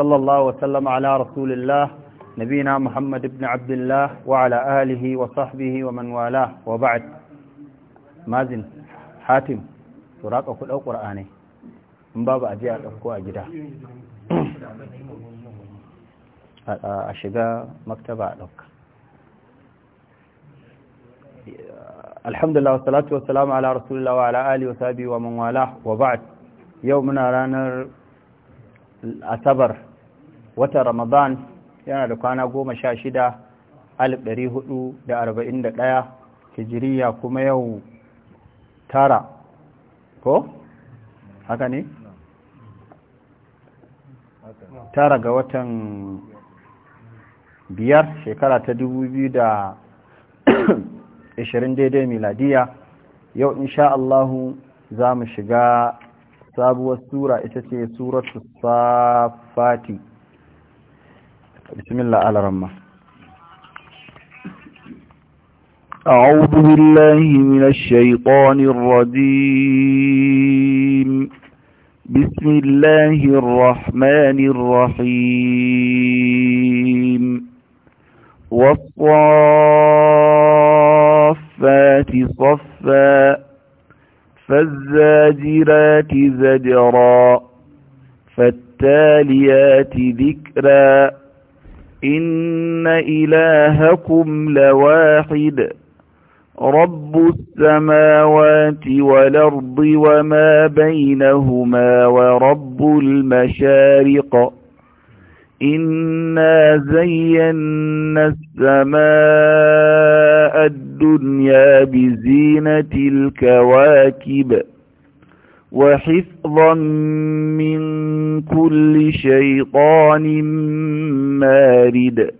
صلى الله وسلم على رسول الله نبينا محمد بن عبد الله وعلى آله وصحبه ومن والاه وبعد مازن حاتم تراك أقول أو قرآني من باب أجي أتفكو أجدا أشقى مكتبة لك الحمد لله والصلاة والسلام على رسول الله وعلى آله وصحبه ومن والاه وبعد يومنا رانا الأتبر watan ramadan yana da kwana goma sha shida alif ɗari hudu da arba'in da ɗaya hijiriya kuma yau tara ko haka ne tara ga watan biyar shekara ta dubu biyu da ashirin daidai miladiya yau insha Allahu za mu shiga sabuwar sura ita ce suratu safati بسم الله على رمى أعوذ بالله من الشيطان الرجيم بسم الله الرحمن الرحيم والصافات صفا فالزاجرات زجرا فالتاليات ذكرا إن إلهكم لواحد رب السماوات والأرض وما بينهما ورب المشارق إنا زينا السماء الدنيا بزينة الكواكب وحفظا من كل شيطان مارد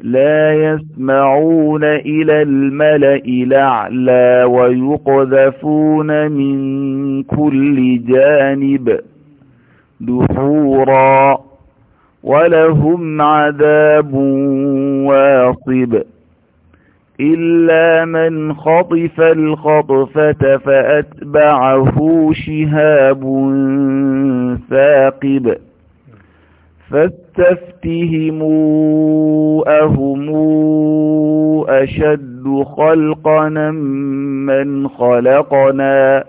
لا يسمعون إلى الملأ الأعلى ويقذفون من كل جانب دحورا ولهم عذاب واصب إلا من خطف الخطفة فأتبعه شهاب ثاقب فاستفتهم أهم أشد خلقنا من خلقنا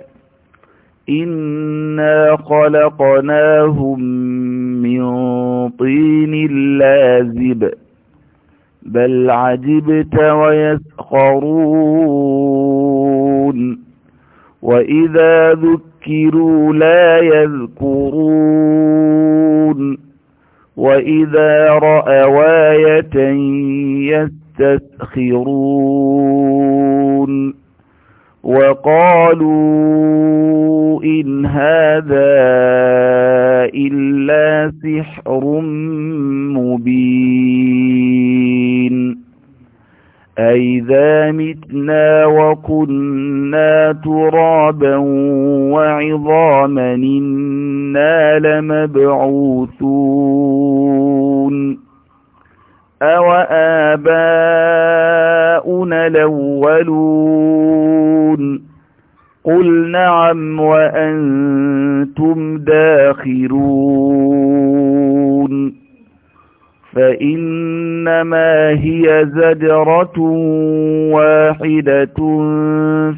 إنا خلقناهم من طين لازب بل عجبت ويسخرون وإذا ذكروا لا يذكرون وإذا رأوا آية يستسخرون وقالوا إن هذا إلا سحر مبين أئذا متنا وكنا ترابا وعظاما إنا لمبعوثون أوآباؤنا الأولون فإنما هي زجرة واحدة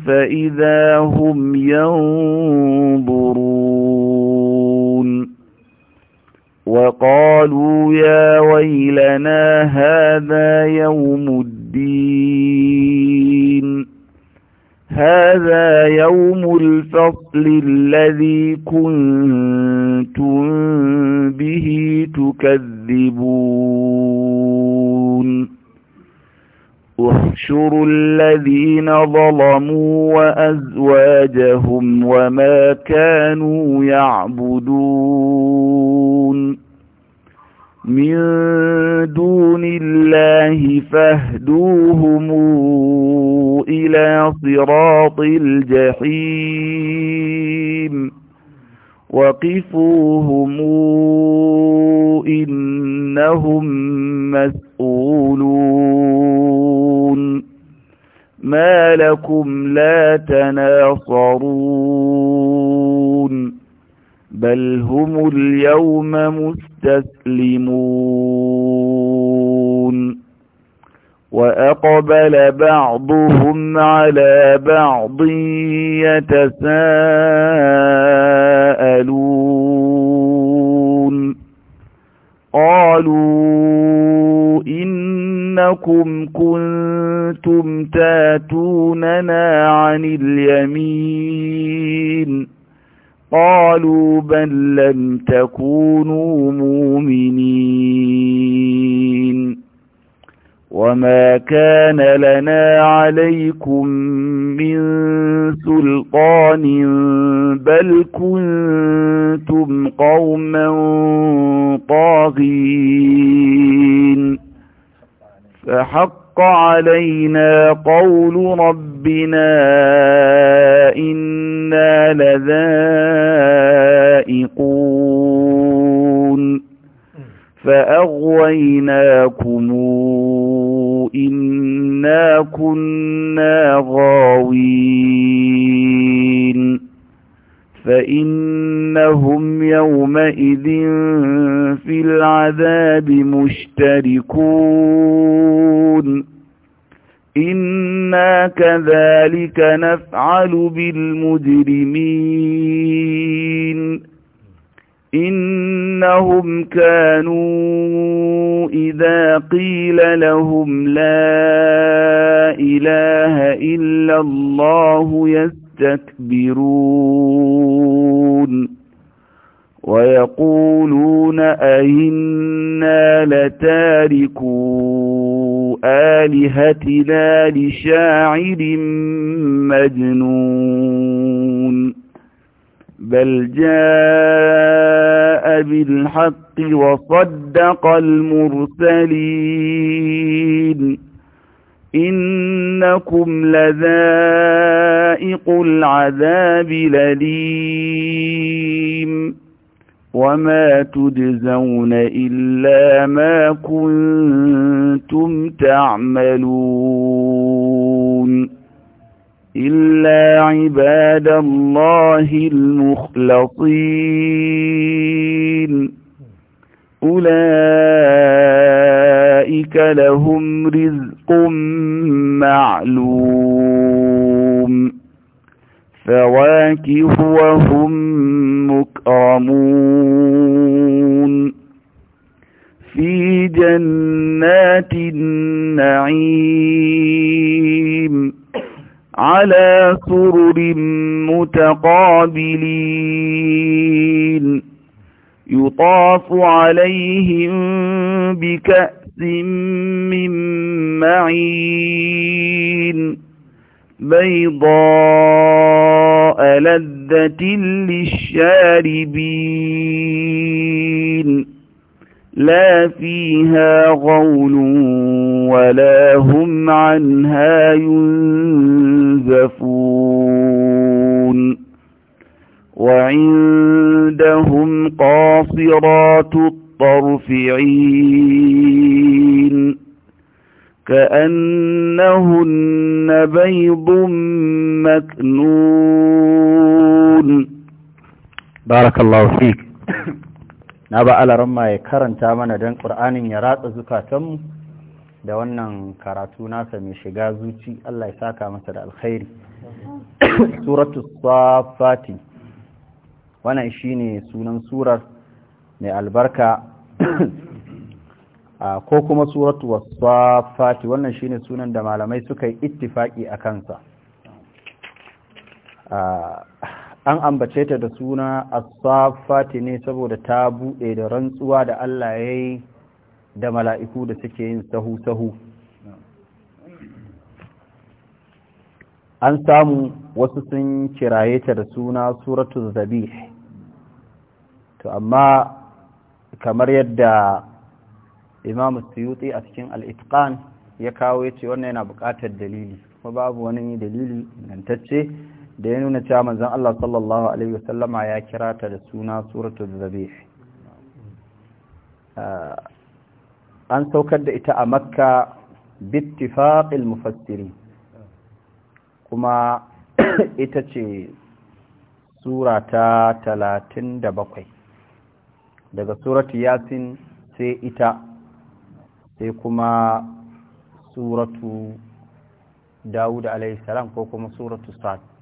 فإذا هم ينظرون وقالوا يا ويلنا هذا يوم الدين هذا يوم الفصل الذي كنتم به تكذبون يكذبون احشروا الذين ظلموا وأزواجهم وما كانوا يعبدون من دون الله فاهدوهم إلى صراط الجحيم وقفوهم إنهم مسؤولون ما لكم لا تناصرون بل هم اليوم مستسلمون وأقبل بعضهم على بعض يتساءلون قالوا إنكم كنتم تاتوننا عن اليمين قالوا بل لم تكونوا مؤمنين وما كان لنا عليكم من سلطان بل كنتم قوما طاغين فحق علينا قول ربنا إنا لذائقون فأغويناكم إنا كنا غاوين فإنهم يومئذ في العذاب مشتركون إنا كذلك نفعل بالمجرمين إنهم كانوا إذا قيل لهم لا إله إلا الله يستكبرون ويقولون أئنا لتاركوا آلهتنا لشاعر مجنون بل جاء بالحق وصدق المرسلين إنكم لذائق العذاب لليم وما تجزون إلا ما كنتم تعملون إلا عباد الله المخلصين أولئك لهم رزق معلوم فواكه وهم مكرمون في جنات النعيم على سرر متقابلين يطاف عليهم بكأس من معين بيضاء لذة للشاربين لا فيها غول ولا هم عنها ينزفون وعندهم قاصرات الطرف عين كأنهن بيض مكنون بارك الله فيك na ba alaramma ya karanta mana don ƙur'anin ya ratsa zukatanmu da wannan karatu nasa mai shiga zuci Allah ya saka masa da alkhairi suratu safati wannan shine sunan surar mai albarka ah, ko kuma suratu safati wannan shine sunan da malamai suka yi ittifaki a kansa ah, an ambace ta da suna asafati ne saboda ta buɗe da rantsuwa da Allah ya yi da mala'iku da suke yin sahu-sahu an samu wasu sun kiraye ta da suna suratun zabi to amma kamar yadda imam suyuti a cikin al'itkan ya kawo ya ce wannan yana buƙatar dalili kuma babu wani dalili ingantacce da ya nuna cewa manzon Allah sallallahu alaihi wasallama ya kira ta da suna suratul zabih ah, an saukar da ita a makka bittifaqil mufassiri kuma ita ce sura ta bakwai daga suratu yasin sai ita sai kuma suratu dawud alaihi salam ko kuma suratu sa'd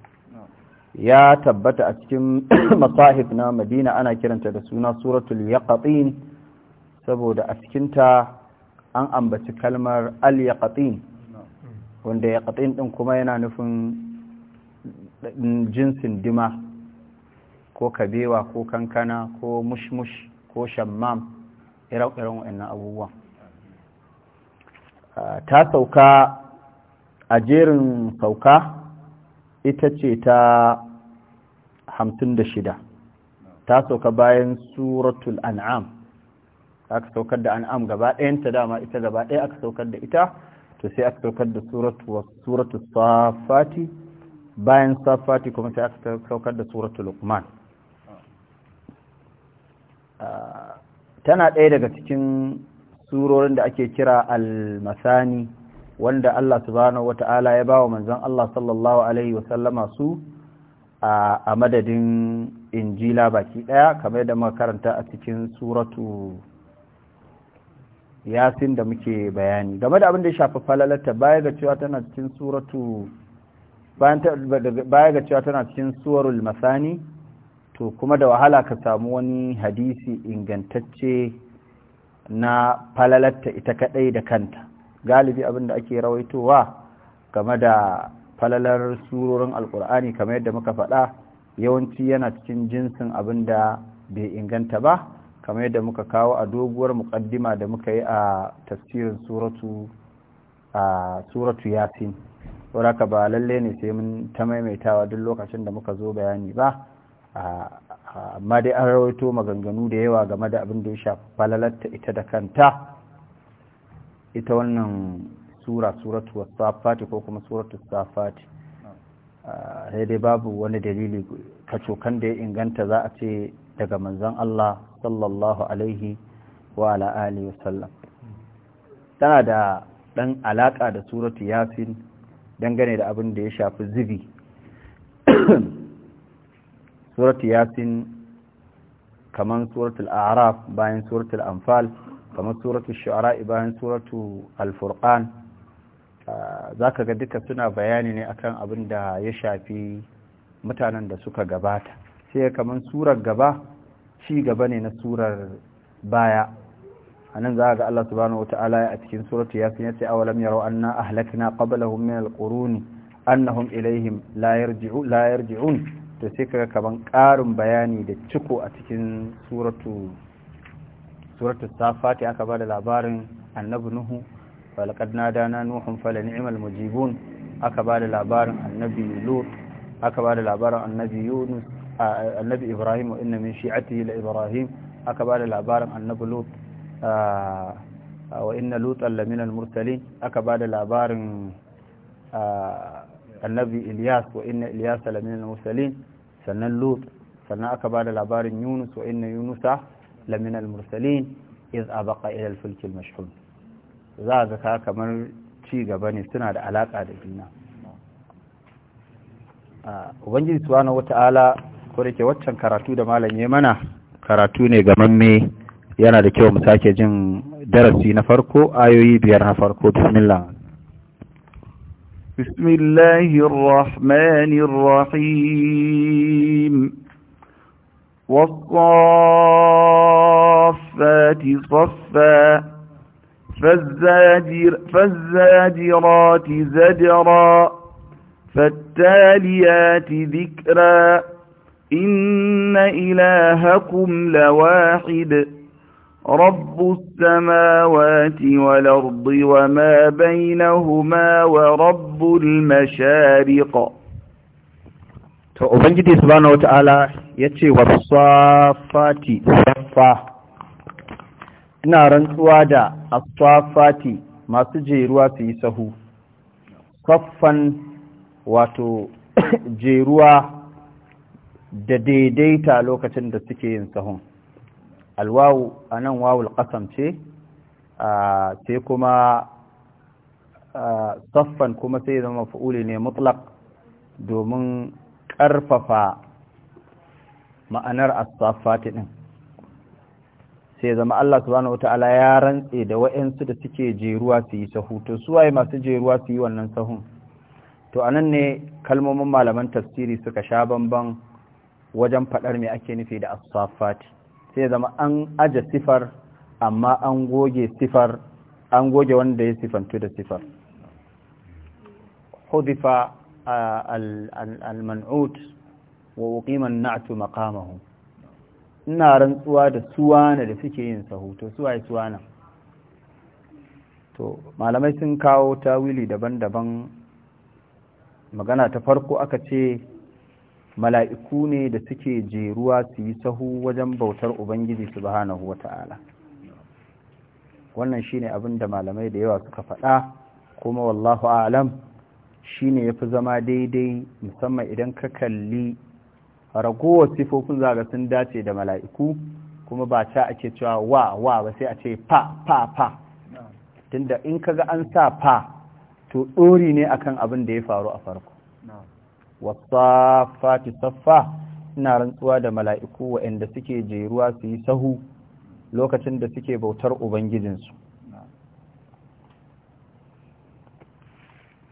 ya tabbata a cikin masahif na madina ana kiranta da suna suratul yaqatin saboda a cikinta an ambaci kalmar al-yaqatin wanda yaqatin din kuma yana nufin jinsin dima ko kabewa ko kankana ko mushmush ko shammam irin wa'in abubuwan ah, ta sauka a jerin sauka ita ce ta hamsin da shida ta sauka bayan suratul an'am aka saukar da an'am gaba ɗayanta dama ita gaba ɗaya aka saukar da ita to sai aka saukar da suratul safati bayan safati kuma sai aka saukar da suratul luqman ah, tana ɗaya daga cikin surorin da ake kira al-masani wanda Allah subhanahu ta'ala ya bawa manzon Allah sallallahu alaihi wasallama su a madadin injila baki ɗaya kamar da makaranta a cikin suratu yasin da muke bayani game da abin da ya shafi falalata baya ga cewa tana cikin suratu baya ga cewa tana cikin suwarul masani to kuma da wahala ka samu wani hadisi ingantacce na falalatta ita kadai da kanta galibi abin da ake rawaitowa game da falalar surorin alkur'ani kamar yadda muka faɗa yawanci yana cikin jinsin abin da bai inganta ba kamar yadda muka kawo a doguwar muƙaddima da muka yi a tafsirin suratu a suratu yasin ba lalle ne sai mun ta maimaitawa duk lokacin da muka zo bayani ba amma dai an rawaito maganganu da yawa game da abin da ya shafi falalarta ita da kanta ita wannan sura suratu wasafati ko kuma suratu safati ah, sai dai babu wani dalili kacokan da ya inganta za a ce daga manzon Allah sallallahu alaihi wa ala alihi sallam tana da dan alaka da suratu yasin dangane da abin da ya shafi zubi suratu yasin kaman suratul a'raf bayan suratul anfal kamar suratu shu'ara bayan suratu al-furqan Ah, za ka ga duka suna bayani ne akan abin da ya shafi mutanen da suka gabata sai kamar surar gaba ci gaba ne na surar baya a nan za ga Allah subhanahu wata'ala a cikin suratu yasin ya ce awalam yaro na ahlakna qablahum min alquruni annahum ilaihim la yarji'u la yarji'un to sai kaga kamar ƙarin bayani da ciko a cikin suratu suratu safati aka bada labarin annabi nuhu فلقد نادانا نوح فلنعم المجيبون أكبر العبارة النبي لوط أكبر العبارة النبي يونس آه، آه، النبي إبراهيم وإن من شيعته لإبراهيم أكبر العبارة النبي لوط آه، وإن لوط لمن المرسلين أكبر العبارة النبي إلياس وإن إلياس لمن المرسلين سنة لوط سنة أكبر العبارة يونس وإن يونس لمن المرسلين إذ أبقى إلى الفلك المشحون za ga kamar ci gaba ne suna da alaƙa da juna ubangiji subhanahu wata'ala ko da ke waccan karatu da malam ya mana karatu ne ga mamme yana da kyau mu sake jin darasi na farko ayoyi biyar na farko bismillah بسم الله الرحمن الرحيم صفا فالزاجر فالزاجرات زجرا فالتاليات ذكرا إن إلهكم لواحد رب السماوات والأرض وما بينهما ورب المشارق تؤمن جدي سبحانه وتعالى يتي wasafati safa ina rantsuwa da asfafati masu jeruwa su yi sahu saffan wato jeruwa da daidaita lokacin da suke yin sahun alwawu a nan wawul ƙasam ce sai kuma saffan kuma sai zama fa'uli ne mutlak domin ƙarfafa ma'anar asfafati din. sai zama Allah subhanahu wata'ala ya rantse da wa'yansu da suke jeruwa su yi sahu to su waye masu jeruwa su yi wannan sahun to anan ne kalmomin malaman tafsiri suka sha bamban wajen faɗar mai ake nufi da as-saffat sai zama an aja sifar amma an goge sifar an goge wanda ya sifantu da sifar hudifa al-man'ut wa uqima an-na'tu maqamahu ina rantsuwa da suwana da suke yin sahu to suwaye suwana to malamai sun kawo tawili daban-daban magana ta farko aka ce mala'iku ne da suke jeruwa su yi sahu wajen bautar ubangiji su subhanahu wata'ala wannan shine abin da malamai da yawa suka faɗa kuma wallahu alam shine fi zama daidai musamman idan ka kalli ragowar sifofin za ga sun dace da mala'iku kuma ba ta ake cewa wa wa ba sai a ce fa fa fa tunda in ka ga an sa fa to ɗori ne akan abin da ya faru a farko fati saffa ina rantsuwa da mala'iku waɗanda suke jeruwa su yi sahu lokacin da suke bautar ubangijinsu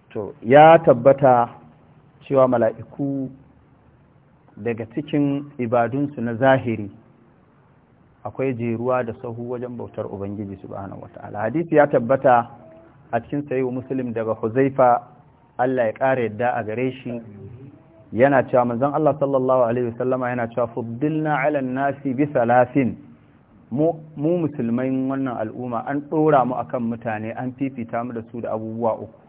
to ya tabbata cewa mala'iku daga cikin ibadunsu na zahiri akwai jeruwa da sahu wajen bautar ubangiji subhanahu wata'ala hadisi ya tabbata a cikin sayi musulun daga huzaifa Allah ya ƙara yadda a gare shi yana cewa manzon Allah sallallahu alaihi wasallama yana cewa fuddilna ala nasi bi salasin mu musulmai wannan al'umma an ɗora mu akan mutane an fifita mu da su da abubuwa uku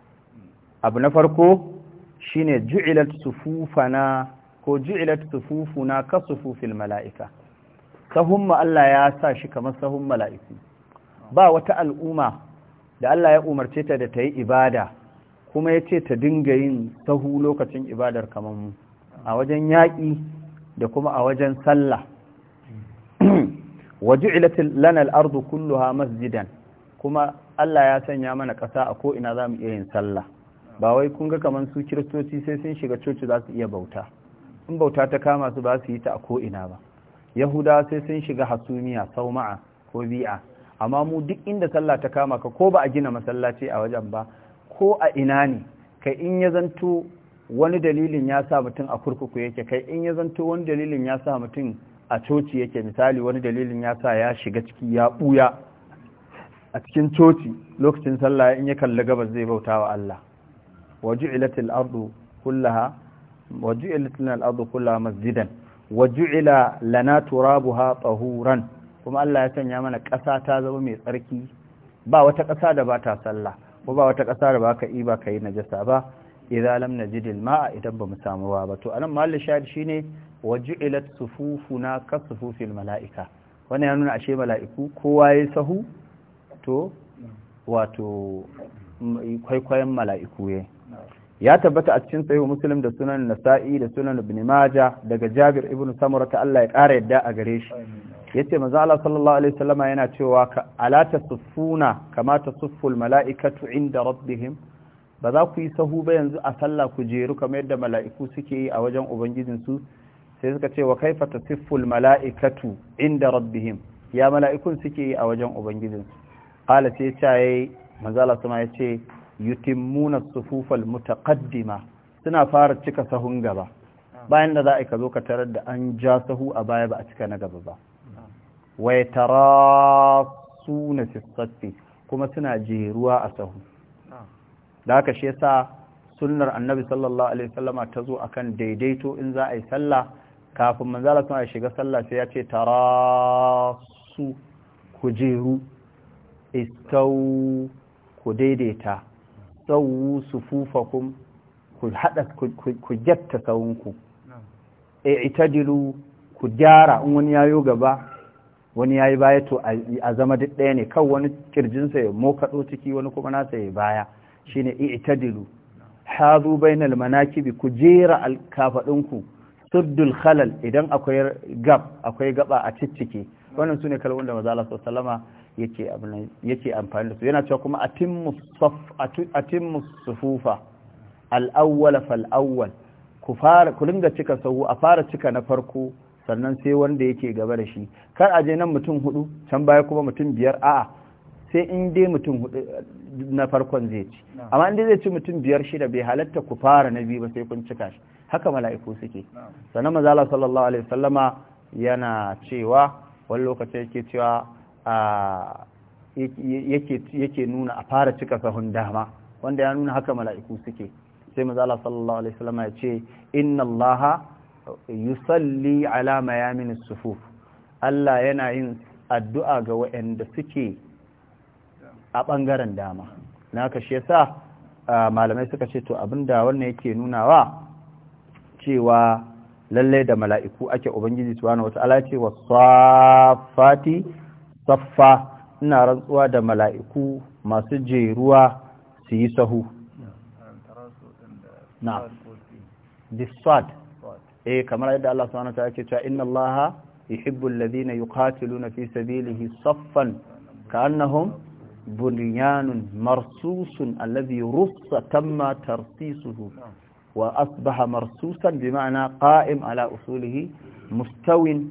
abu na farko shine ju'ilat sufufana ko ji'ilat sufufuna ka sufufil mala'ika sahun Allah ya sa shi kamar sahun mala'iki. ba wata al'umma da Allah ya umarce ta da ta yi ibada kuma ya ce ta dinga yin sahu lokacin ibadar kamar mu a wajen yaƙi da kuma a wajen sallah waju'ilat lana al-ardu kulluha masjidan kuma Allah ya sanya mana ƙasa a ko'ina ina mu iya yin sallah ba wai kun ga kaman su kiristoci sai sun shiga coci za su iya bauta in bauta ta kama su ba su yi ta a ko'ina ba yahuda sai sun shiga hasumiya sauma'a ko bi'a amma mu duk inda sallah ta kama ka ko ba a gina masallaci a wajen ba ko a ina ne kai in ya zanto wani dalilin ya sa mutum a kurkuku yake kai in ya zanto wani dalilin ya sa mutum a coci yake misali wani dalilin ya sa ya shiga ciki ya buya a cikin coci lokacin sallah in ya kalli gabas zai bauta wa Allah waju'ilatil ardu kullaha waju'ilat lana al-ardu kullaha masjidan waju'ila lana turabuha tahuran kuma Allah ya sanya mana ƙasa ta zama mai tsarki ba wata ƙasa da ba ta sallah ko ba wata ƙasa da ba ka yi ba ka yi najasa ba idza lam najid al-ma'a idan ba mu samu ruwa ba to anan mahallin shahid shine waju'ilat sufufuna ka sufufil mala'ika wannan ya nuna ashe mala'iku kowa ya sahu to wato kwaikwayon mala'iku yayin ya tabbata a cikin yau muslim da sunan nasa'i da sunan ibn maja daga jabir ibn samura ta Allah ya ƙara yadda a gare shi yace manzo Allah sallallahu alaihi wasallama yana cewa ka ala tasuffuna kama malaikatu inda rabbihim ba za ku yi sahu ba yanzu a sallah ku jeru kamar yadda mala'iku suke yi a wajen ubangijin su sai suka ce wa kaifa tasuffu malaikatu inda rabbihim ya mala'ikun suke yi a wajen ubangijin su qala sai ya ce manzo Allah alaihi ya ce yutimmuna sufufal mutaqaddima suna fara cika sahun gaba bayan da za a ka zo ka tarar da an ja sahu a baya ba a cika na gaba ba wai tarasuna fi kuma suna jeruwa a sahu da haka shi yasa sunnar annabi sallallahu alaihi wasallama ta zo akan daidaito in za a yi sallah kafin manzala sun a shiga sallah sai ya ce tarasu ku jeru istau ku daidaita sawu sufufakum ku hada ku jatta sawunku e itadilu ku gyara in wani yayo gaba wani yayi baya to a zama duk ɗaya ne kan wani kirjinsa ya mokaɗo ciki wani kuma nasa ya baya shine i'tadilu hadu bainal manakibi ku jera alkafaɗinku suddul khalal idan akwai gab akwai gaba a ciccike wannan sune kalmomin da manzo sallama yake amfani da su yana cewa kuma atimmu saf atimmu sufufa al-awwal fal ku fara dinga cika sahu a fara cika na farko sannan sai wanda yake gaba da shi kar aje nan mutum hudu can baya kuma mutum biyar a'a sai in dai mutum hudu na farkon zai ci amma in dai zai ci mutum biyar shida bai halatta ku fara na biyu ba sai kun cika shi haka mala'iku suke sannan mazala sallallahu alaihi wasallama yana cewa wani lokaci yake cewa yake nuna a fara cika sahun dama wanda ya nuna haka mala'iku suke sai mazala sallallahu alaihi wasallam ya ce inna allaha yusalli ala mayamin sufuf Allah yana yin addu'a ga wayanda suke a ɓangaren dama na ka shi yasa malamai suka ce to abin da wannan yake nuna wa cewa lallai da mala'iku ake ubangiji wata ala ce wasafati saffa ina rantsuwa da mala'iku masu jeruwa su yi sahu na disfad eh kamar yadda Allah subhanahu wa ta'ala ke cewa inna Allah yuhibbul ladina yuqatiluna fi sabilihi saffan ka'annahum bunyanun marsusun alladhi russa tamma tarsisuhu wa asbaha marsusan bima'na qa'im ala usulihi mustawin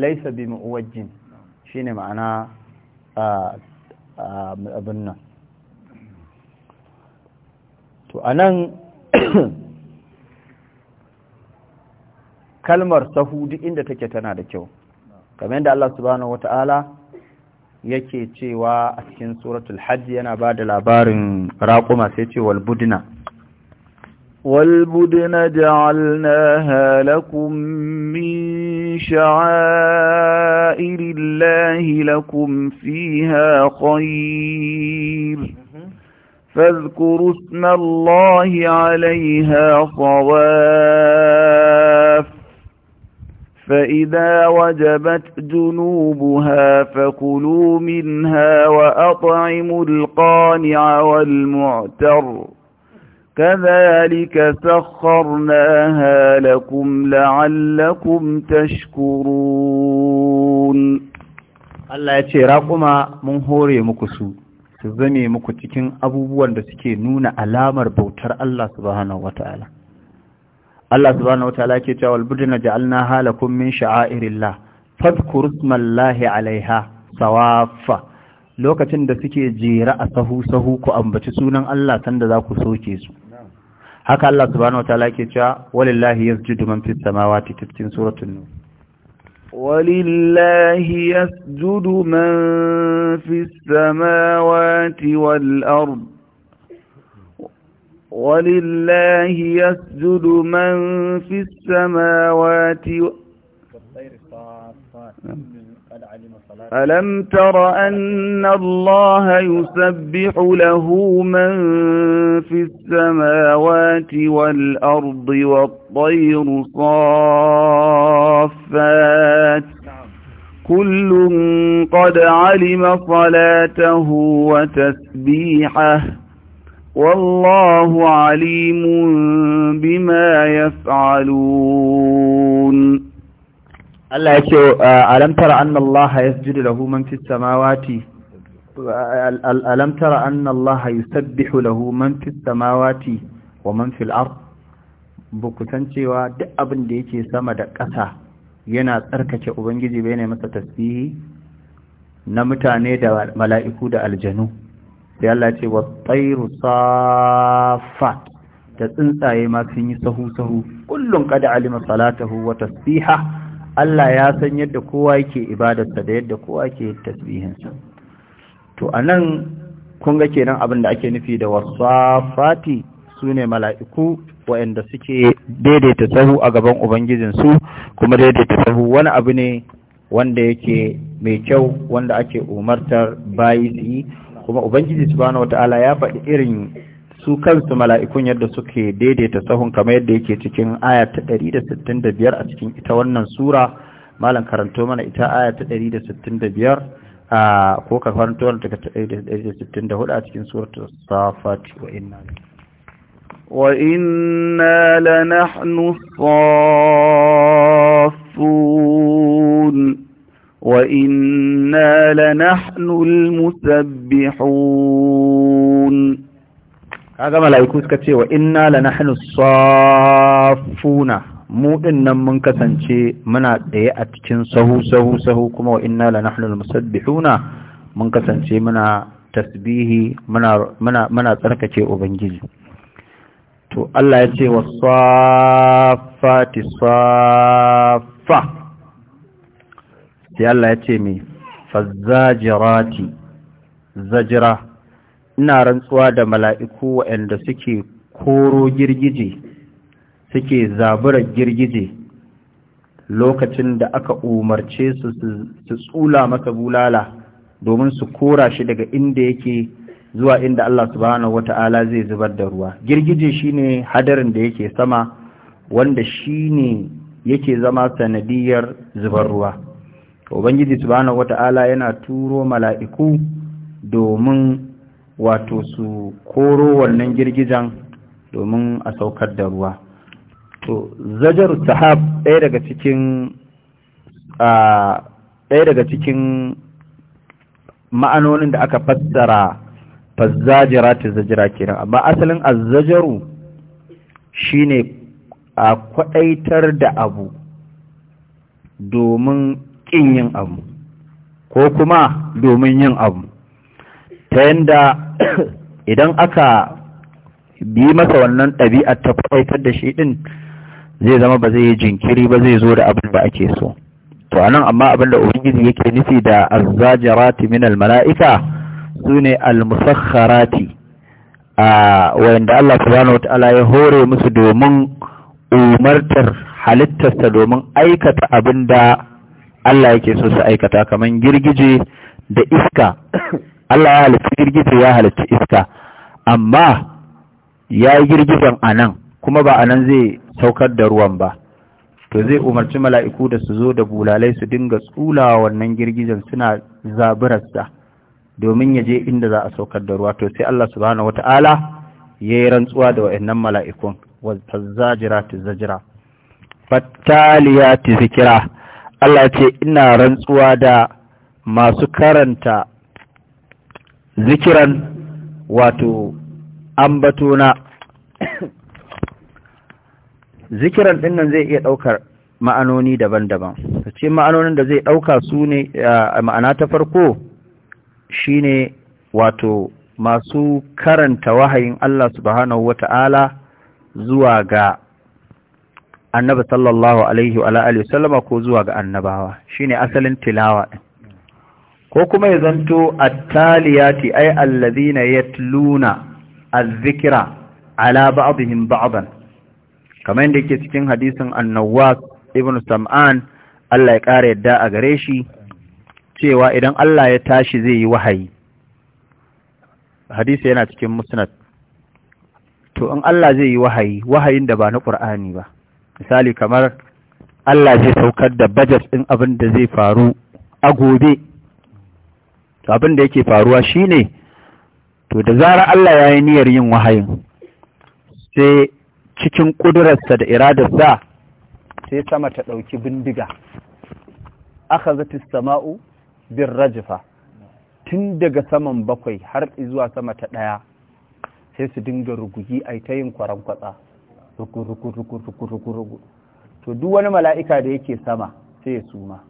laysa bimuwajjin Shi ne ma'ana abin nan to a nan kalmar sahu duk inda take tana da kyau kamar yadda Allah subhanahu wata'ala yake cewa a cikin suratul hajji yana ba da labarin raƙuma sai ce walbudina والبدن جعلناها لكم من شعائر الله لكم فيها خير فاذكروا اسم الله عليها صواف فإذا وجبت جنوبها فكلوا منها وأطعموا القانع والمعتر كذلك سخرناها لكم لعلكم تشكرون Allah ya ce raƙuma mun hore muku su su zame muku cikin abubuwan da suke nuna alamar bautar Allah subhanahu wata'ala Allah subhanahu wata'ala ke cewa al-budna ja'alna halakum min sha'airillah fadhkuru ismallahi 'alaiha sawaffa lokacin da suke jera a sahu sahu ku ambaci sunan Allah sanda za ku soke su haka Allah subhanahu wata'ala ke cewa walillahi yasjudu man fis samawati cikin suratul nur ولله يسجد من في السماوات والأرض ولله يسجد من في السماوات ألم تر أن الله يسبح له من في السماوات والأرض وقال والطير صافات كل قد علم صلاته وتسبيحه والله عليم بما يفعلون الله يشو آه، ألم ترى أن الله يسجد له من في السماوات آه، ألم ترى أن الله يسبح له من في السماوات ومن في الأرض ba cewa duk abin da yake sama da ƙasa yana tsarkake ubangiji bai ne masa tasbihi na mutane da mala'iku da aljanu sai Allah ce wa tsairu safat da tsuntsaye ma sun yi sahu-sahu kullum kada alima salatahu wa tasbiha Allah ya san yadda kowa yake ibadarsa da yadda kowa yake tasbihinsa to anan kun ga kenan abin da ake nufi da wasafati sune mala'iku waɗanda suke daidaita sahu a gaban ubangijinsu kuma daidaita sahu wani abu ne wanda yake mai kyau wanda ake umartar bayi su yi kuma ubangiji subhanahu wataala ya faɗi irin su kansu mala'ikun yadda suke daidaita sahun kamar yadda yake cikin aya ta 165 a cikin ita wannan sura malam karanto mana ita aya ta 165 a ko karanto wannan ta 164 a cikin suratul safat wa inna وإنا لنحن الصافون وإنا لنحن المسبحون kaga mala'iku suka ce wa inna lanahnu safuna mu dinnan mun kasance muna daya a cikin sahu sahu sahu kuma wa inna lanahnu almusabbihuna mun kasance muna tasbihi muna muna muna tsarkake ubangiji to Allah ya ce wa saffati sai Allah ya ce mai fazzajirati zajira ina rantsuwa da mala'iku waɗanda suke koro girgije suke zabura girgije lokacin da aka umarce su su tsula maka bulala domin su kora shi daga inda yake zuwa inda Allah subhanahu wata'ala zai zubar da ruwa girgije shine hadarin da yake sama wanda shine yake zama sanadiyar zubar ruwa ubangiji subhanahu wata'ala yana turo mala'iku domin wato su koro wannan girgijan domin a saukar da ruwa to zajar sahab ɗaya daga cikin ɗaya daga cikin ma'anonin da aka fassara fazzajira ta zajira kenan amma asalin azzajaru shine a kwadaitar da abu domin kin yin abu ko kuma domin yin abu ta yanda idan aka bi masa wannan ɗabi'ar ta kwaitar da shi ɗin zai zama ba zai yi jinkiri ba zai zo da abin da ake so to anan amma abin da ubangiji yake nufi da ta min mala'ika su ne almusakharati a wayanda Allah subhanahu wataala ya hore musu domin umartar halittarsa domin aikata abin da Allah yake so su aikata kamar girgije da iska Allah ya halitta girgije ya halitta iska amma ya yi girgijen a kuma ba a nan zai saukar da ruwan ba to zai umarci mala'iku da su zo da bulalai su dinga tsulawa wannan girgijen suna zaburarsa domin ya je inda za a saukar da ruwa to sai Allah subhanahu wata'ala ya yi rantsuwa da wa'annan mala'ikun wazzajira ta zajira fattaliya ta zikira Allah ce ina rantsuwa da masu karanta zikiran wato ambatuna zikiran dinnan zai iya ɗaukar ma'anoni daban-daban ce ma'anonin da zai ɗauka su ne ma'ana ta farko shine wato masu karanta wahayin Allah subhanahu wata'ala zuwa ga annabi sallallahu alaihi wa alaihi sallama ko zuwa ga annabawa shine asalin tilawa ko kuma ya zanto at-taliyati ay alladhina yatluna adh-dhikra ala ba'dihim ba'dan kamar yadda yake cikin hadisin annawas ibn sam'an Allah ya kare yadda a gare shi cewa idan Allah ya tashi zai yi wahayi hadisi yana cikin musnad to in Allah zai yi wahayi wahayin da ba na ƙur'ani ba misali kamar Allah zai saukar da bajas ɗin abin da zai faru a gobe to abin da yake faruwa shine to da zarar Allah ya yi niyyar yin wahayin sai cikin ƙudurarsa da iradarsa sai sama ta ɗauki bindiga aka zata sama'u bin rajifa tun daga saman bakwai har zuwa sama ta ɗaya sai su dinga rugugi a ta yin kwaran kwatsa rugu to duk wani mala'ika da yake sama sai ya suma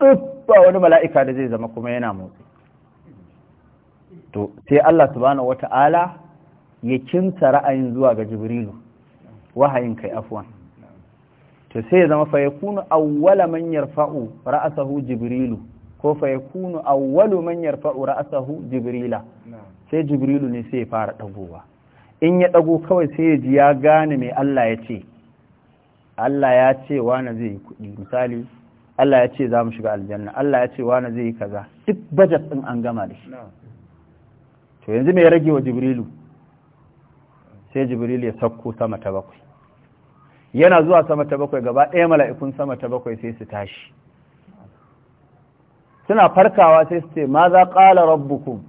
ba wani mala'ika da zai zama kuma yana motsi to sai Allah subhanahu wata'ala ya kinsa ra'ayin zuwa ga jibrilu wahayin kai afwan to sai ya zama fa yakunu awwala man yarfa'u ra'asahu jibrilu ko fa yakunu awwalu man yarfa'u ra'sahu jibrila sai jibrilu ne sai ya fara dagowa in ya dago kawai sai ya ji ya gane me Allah ya ce Allah ya ce wani zai yi kuɗi misali Allah ya ce za mu shiga aljanna Allah ya ce wani zai yi kaza duk bajet ɗin an gama da shi to yanzu me ya rage wa jibrilu sai jibrilu ya sauko sama ta bakwai yana zuwa sama ta bakwai gaba ɗaya mala'ikun sama ta bakwai sai su tashi suna farkawa sai su ce ma za ƙala rabbuku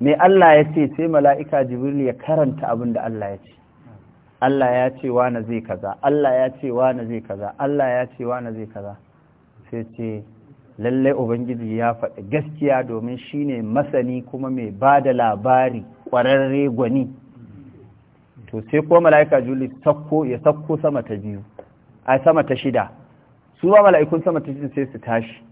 me Allah ya ce sai mala'ika jibril ya karanta abin da Allah ya ce Allah ya ce na zai kaza Allah ya ce na zai kaza Allah ya ce na zai kaza sai ce lallai ubangiji ya faɗi gaskiya domin shine masani kuma mai ba da labari ƙwararre gwani to sai kuma mala'ika juli ya sakko sama ta biyu a sama ta shida su ba mala'ikun sama ta shida sai su tashi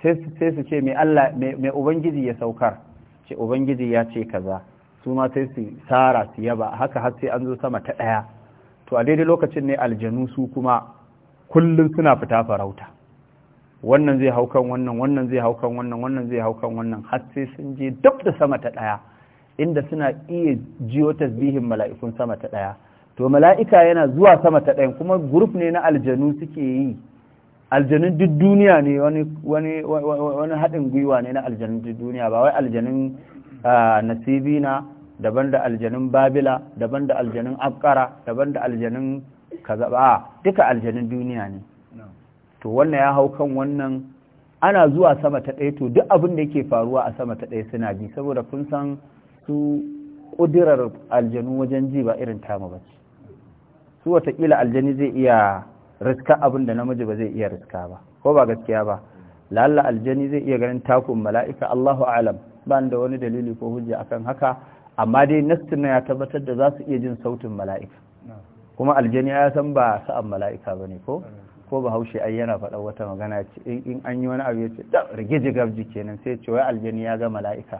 sai su ce mai Allah mai ubangiji ya saukar ce ubangiji ya ce kaza su ma sai su tsara su yaba haka har sai an zo sama ta ɗaya to a daidai lokacin ne aljanu su kuma kullum suna fita farauta wannan zai hau wannan wannan zai hau wannan wannan zai hau wannan har sai sun je duk da sama ta ɗaya inda suna iya jiyo tasbihin mala'ikun sama ta ɗaya to mala'ika yana zuwa sama ta ɗayan kuma group ne na aljanu suke yi Aljanin duk duniya ne wani haɗin gwiwa ne na aljanin duk duniya ba wai aljanun nasibina daban da aljanin babila daban da aljanin afkara daban da aljanin kaza ba duka aljanin duniya ne to wannan ya hau kan wannan ana zuwa sama ta ɗaya to duk abin da yake faruwa a sama ta ɗaya suna bi saboda kun san su ƙudirar aljanu wajen ji ba irin tamu ba su watakila aljani zai iya riska abin da namiji ba zai iya riska ba ko ba gaskiya ba lalla aljani zai iya ganin takun mala'ika Allahu alam ba da wani dalili ko hujja akan haka amma dai nassin ya tabbatar da za su iya jin sautin mala'ika kuma aljani ya san ba sa'an mala'ika ne ko ko bahaushe ai yana faɗa wata magana ce in an yi wani abu ya ce rigiji gabji kenan sai ce wai aljani ya ga mala'ika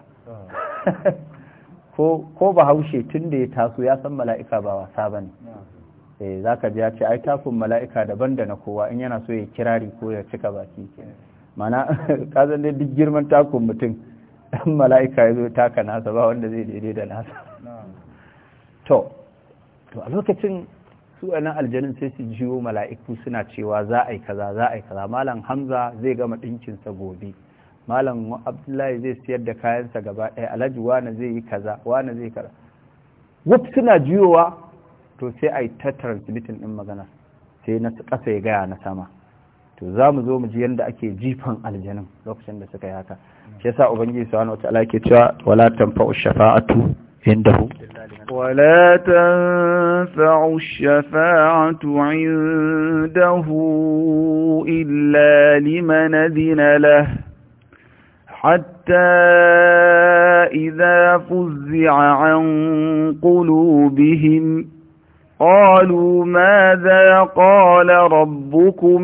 ko bahaushe tun da ya taso ya san mala'ika ba wasa bane Eh, za ka biya ce ai takun mala'ika daban da na kowa in yana so ya kirari ko ya cika baki mana kazan dai duk girman takun mutum ɗan mala'ika ya zo taka nasa ba wanda zai daidai da nasa to to a lokacin su nan aljanin sai su jiwo mala'iku suna cewa za a yi kaza za a yi kaza malam hamza zai gama ɗinkinsa gobe malam abdullahi zai siyar da kayansa gaba ɗaya alhaji wani zai yi kaza wani zai kaza wuf suna jiyowa to sai a yi ta transmitting ɗin magana sai na ƙasa ya gaya na sama to za mu zo mu ji yadda ake jifan aljanin lokacin da suka yi haka shi yasa ubangiji subhanahu wataala ke cewa wala tanfa'u shafa'atu hu wala tanfa'u shafa'atu hu illa liman adina حتى إذا فزع عن قلوبهم قالوا ماذا قال ربكم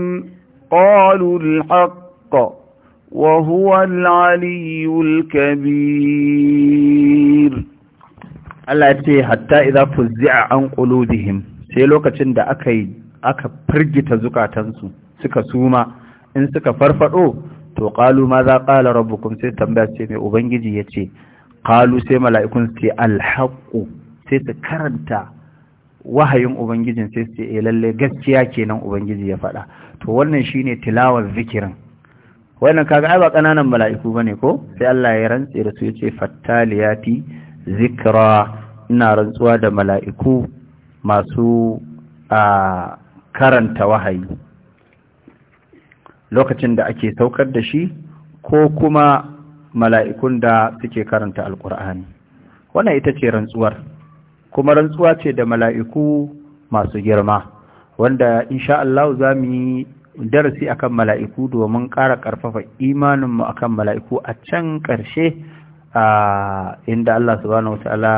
قالوا الحق وهو العلي الكبير Allah ya ce hatta idza fuzzi'a an qulubihim sai lokacin da aka yi aka firgita zukatansu suka suma in suka farfaɗo, to ƙalu ma za qala rabbukum sai tambaya ce mai ubangiji yace ƙalu sai mala'ikun sai alhaqu sai su karanta wahayin ubangijin sai su ce eh, lalle gaskiya kenan ubangiji ya faɗa to wannan shine tilawar zikirin wannan kaga ai ba kananan mala'iku bane ko sai Allah ya rantse da su ya yace fattaliyati zikra ina rantsuwa da mala'iku masu a karanta wahayi lokacin da ake saukar da shi ko kuma mala'ikun da suke karanta alkur'ani wannan ita ce rantsuwar kuma rantsuwa ce da mala'iku masu girma wanda insha Allah za mu yi darasi akan mala'iku domin ƙara ƙarfafa imaninmu akan mala'iku a can ƙarshe inda Allah subhanahu wata'ala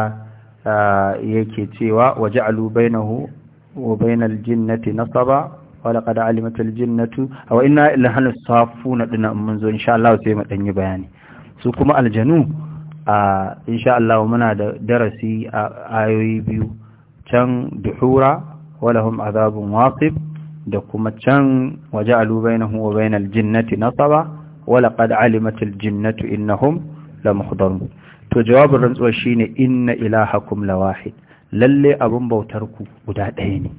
yake cewa waje alubainahu wa bainal jinnati nasaba wala qad alimat al jinnatu aw inna illa safu safuna ɗina mun zo insha Allah sai yi yi bayani su kuma aljanu a insha muna da darasi a ayoyi biyu can duhura walahum azabun wasif da kuma can waje a wa bainal jinnati nasaba wala qad alimatil jinnatu innahum la to jawabin rantsuwa shine inna ilahakum la wahid lalle abun bautar ku guda ɗaya ne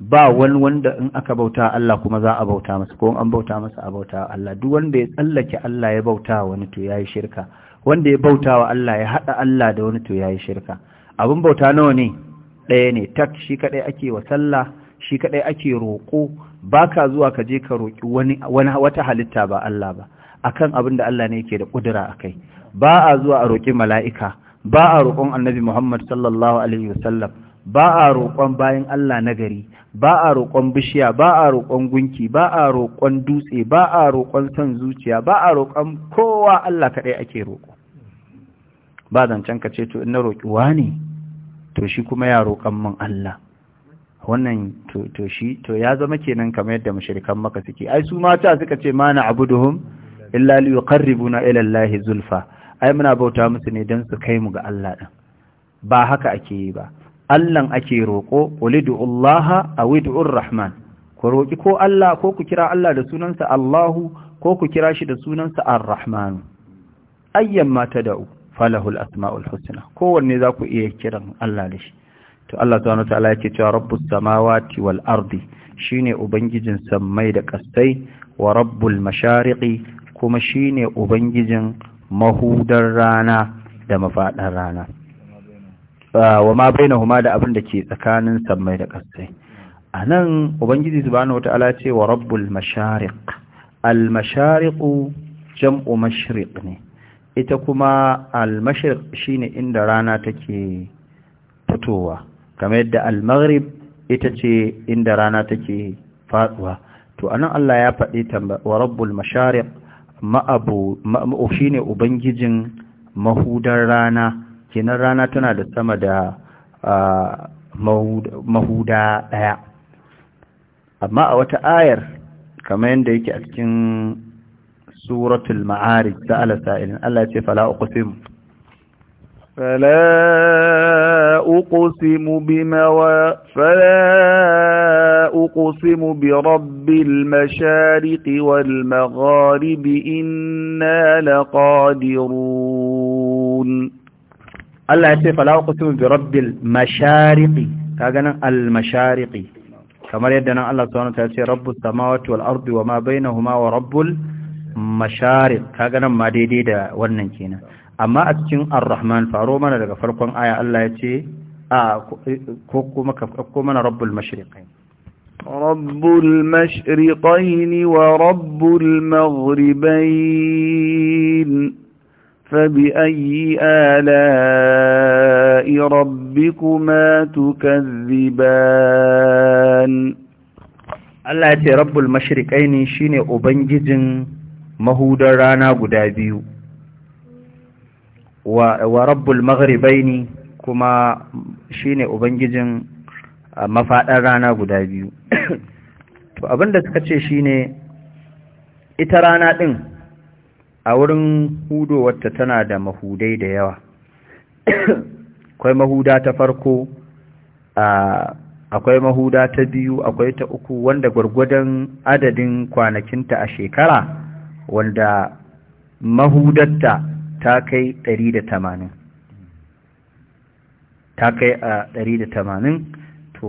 ba wani wanda in aka bauta Allah kuma za a bauta masa ko an bauta masa a bauta Allah duk wanda ya tsallake Allah ya bauta wani to ya yi shirka wanda ya bauta wa Allah ya haɗa Allah da wani to ya yi shirka abin bauta nawa ne ɗaya ne tak shi kaɗai ake wa sallah shi kaɗai ake roƙo ba ka zuwa ka je ka roƙi wata halitta ba Allah ba akan abin da Allah ne yake da ƙudura a kai ba a zuwa a roƙi mala'ika ba a roƙon annabi Muhammad sallallahu alaihi wasallam ba a roƙon bayan Allah nagari ba a roƙon bishiya ba a roƙon gunki ba a roƙon dutse ba a roƙon son zuciya ba a roƙon kowa Allah kaɗai ake roƙo ba zancen ka ce to in na roƙi to shi kuma ya roƙan min Allah wannan to shi to ya zama kenan kamar yadda mushrikan maka suke ai su mata suka ce mana abuduhum illa li yuqarribuna ila Allah zulfa ai muna bauta musu ne dan su kai mu ga Allah din ba haka ake yi ba Allah ake roƙo ulidullaha awid'ur rahman ku roƙi ko Allah ko ku kira Allah da sunansa Allahu ko ku kira shi da sunansa ar-rahman ayyan mata da'u. falahul asma'ul husna kowanne za ku iya kiran Allah da shi to Allah subhanahu ta'ala yake cewa rabbus samawati wal ardi shine ubangijin sammai da kasai wa rabbul mashariqi kuma shine ubangijin mahudar rana da mafadar rana wa ma bainahuma da abin da ke tsakanin samai da kasai anan ubangiji subhanahu ta'ala ce wa rabbul mashariq al mashariqu jam'u mashriq ne ita kuma al-mashriq shine inda rana take fitowa kamar yadda al-maghrib ita ce inda rana take faduwa to anan Allah ya faɗi tamba wa rabbul mashariq ma'abu shi shine ubangijin mahudar rana kenan rana tana da sama da mahuda ɗaya, amma a wata ayar kamar yadda yake a cikin سورة المعارج سأل سائل ألا ya فلا أقسم فلا أقسم بموا... فلا أقسم برب المشارق والمغارب إنا لقادرون الله يسير فلا أقسم برب المشارق كأن المشارق كما يدنا الله سبحانه وتعالى رب السماوات والأرض وما بينهما ورب المشارق masharik kaga nan ma daidai da wannan kenan amma a cikin ar-rahman faro mana daga farkon aya Allah ya ce a ko kuma ka ko mana rabbul mashriqain rabbul mashriqain wa rabbul maghribain فبأي آلاء ربكما تكذبان Allah ya ce rabbul mashriqaini shine ubangijin mahudan rana guda biyu wa rabbul ne, kuma shine ubangijin mafaɗar rana guda biyu to abinda suka ce shine ita rana ɗin a wurin wata tana da mahudai da yawa akwai mahuda ta farko akwai mahuda ta biyu akwai ta uku wanda gwargwadon adadin kwanakinta a shekara wanda mahudatta ta kai 180 ta kai a 180 to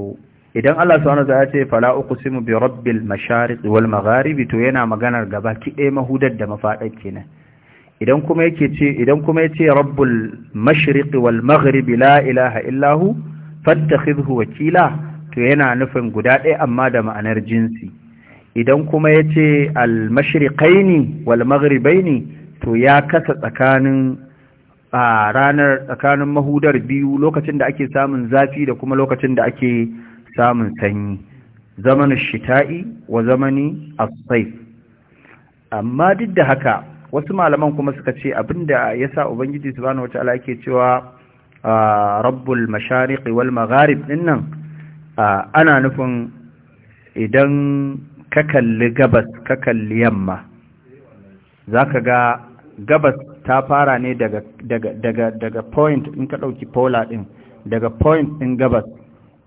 idan Allah subhanahu wa ya ce fala uqsimu bi rabbil mashariq wal magharibi to yana maganar gaba kide mahudar da mafadar kenan idan kuma yake ce idan kuma yace rabbul mashriq wal la ilaha illa hu fattakhidhu wakila to yana nufin guda ɗaya amma da ma'anar jinsi idan kuma ya ce almashirikaini walmagharibaini to ya kasa tsakanin a ranar tsakanin mahudar biyu lokacin da ake samun zafi da kuma lokacin da ake samun sanyi zamanin shita'i wa zamani asai amma duk da haka wasu malaman kuma suka ce abinda yasa ubangiji subhanahu wataala yake cewa rabbul mashariqi wal magharib dinnan ana nufin idan ka kalli gabas ka kalli yamma za ka ga gabas ta fara ne daga, daga, point in ka ɗauki polar ɗin daga point ɗin gabas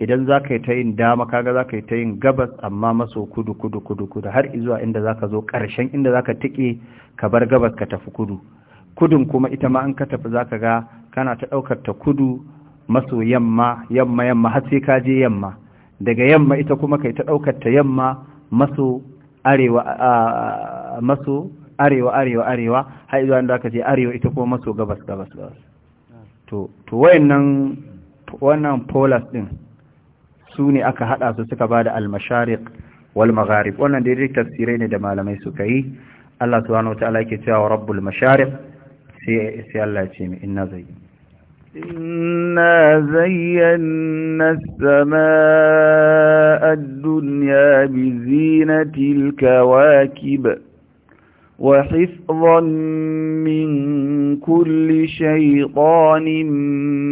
idan za ka yi ta yin dama kaga za ka yi ta yin gabas amma maso kudu kudu kudu kudu har izuwa inda za ka zo ƙarshen inda za ka tiƙe ka bar gabas ka tafi kudu kudun kuma ita ma an ka tafi za ka ga kana ta ɗaukar ta kudu maso yamma yamma yamma har sai ka je yamma daga yamma ita kuma kai ta ɗaukar ta yamma maso arewa maso arewa arewa arewa har zuwa inda aka ce arewa ita kuma maso gabas gabas gabas to to wayannan wannan polas din su ne aka hada su suka bada al-mashariq wal magharib wannan dai tafsirai ne da malamai suka yi Allah subhanahu wa ta'ala yake cewa rabbul mashariq sai sai Allah ya ce mi inna zayyin إنا زينا السماء الدنيا بزينة الكواكب وحفظا من كل شيطان